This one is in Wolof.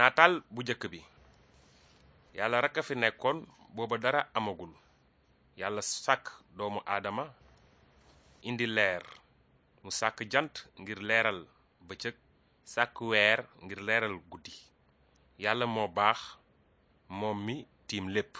nataal bu jëkk bi yàlla rek a fi nekkoon booba dara amagul yàlla sàkk doomu aadama indi leer mu sàkk jant ngir leeral bëccëg sàkk weer ngir leeral guddi yàlla moo baax moom mi tiim lépp